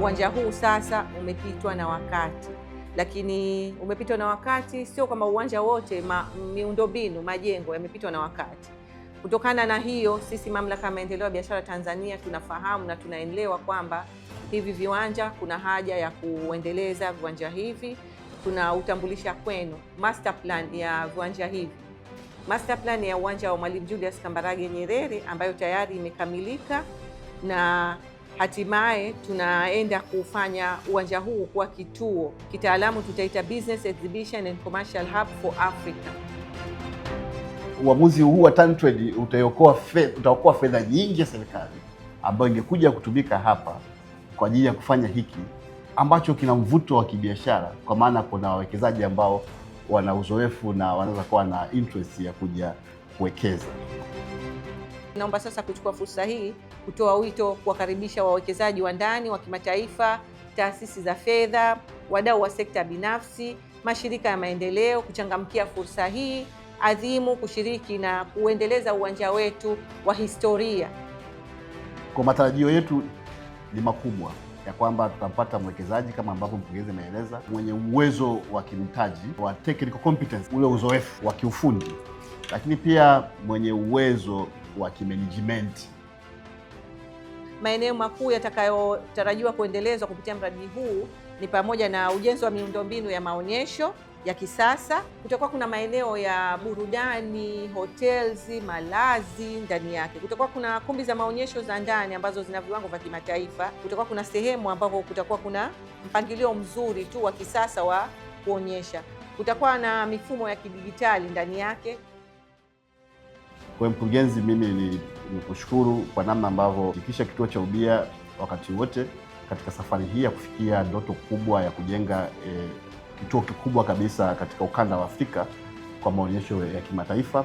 uwanja huu sasa umepitwa na wakati, lakini umepitwa na wakati sio kwamba uwanja wote, ma, miundombinu majengo yamepitwa na wakati. Kutokana na hiyo, sisi Mamlaka ya Maendeleo ya Biashara Tanzania tunafahamu na tunaelewa kwamba hivi viwanja kuna haja ya kuendeleza viwanja hivi. Tunautambulisha kwenu master plan ya viwanja hivi, master plan ya uwanja wa Mwalimu Julius Kambarage Nyerere ambayo tayari imekamilika na Hatimaye tunaenda kufanya uwanja huu kuwa kituo kitaalamu, tutaita Business Exhibition and Commercial Hub for Africa. Uamuzi huu wa TanTrade utaokoa fe, utaokoa fedha nyingi ya serikali ambayo ingekuja kutumika hapa kwa ajili ya kufanya hiki ambacho kina mvuto wa kibiashara, kwa maana kuna wawekezaji ambao wana uzoefu na wanaweza kuwa na interest ya kuja kuwekeza. Naomba sasa kuchukua fursa hii kutoa wito kuwakaribisha wawekezaji wa ndani, wa kimataifa, taasisi za fedha, wadau wa sekta binafsi, mashirika ya maendeleo kuchangamkia fursa hii adhimu kushiriki na kuendeleza uwanja wetu wa historia. Kwa matarajio yetu ni makubwa ya kwamba tutapata mwekezaji kama ambavyo mkurugenzi ameeleza, mwenye uwezo wa kimtaji wa technical competence, ule uzoefu wa kiufundi lakini pia mwenye uwezo wa kimanagement. Maeneo makuu yatakayotarajiwa kuendelezwa kupitia mradi huu ni pamoja na ujenzi wa miundombinu ya maonyesho ya kisasa. Kutakuwa kuna maeneo ya burudani, hotelzi, malazi ndani yake. Kutakuwa kuna kumbi za maonyesho za ndani ambazo zina viwango vya kimataifa. Kutakuwa kuna sehemu ambapo kutakuwa kuna mpangilio mzuri tu wa kisasa wa kuonyesha. Kutakuwa na mifumo ya kidijitali ndani yake. Kwa mkurugenzi, mimi ni nikushukuru kwa namna ambavyo ikisha kituo cha ubia wakati wote katika safari hii ya kufikia ndoto kubwa ya kujenga e, kituo kikubwa kabisa katika ukanda wa Afrika kwa maonyesho ya kimataifa.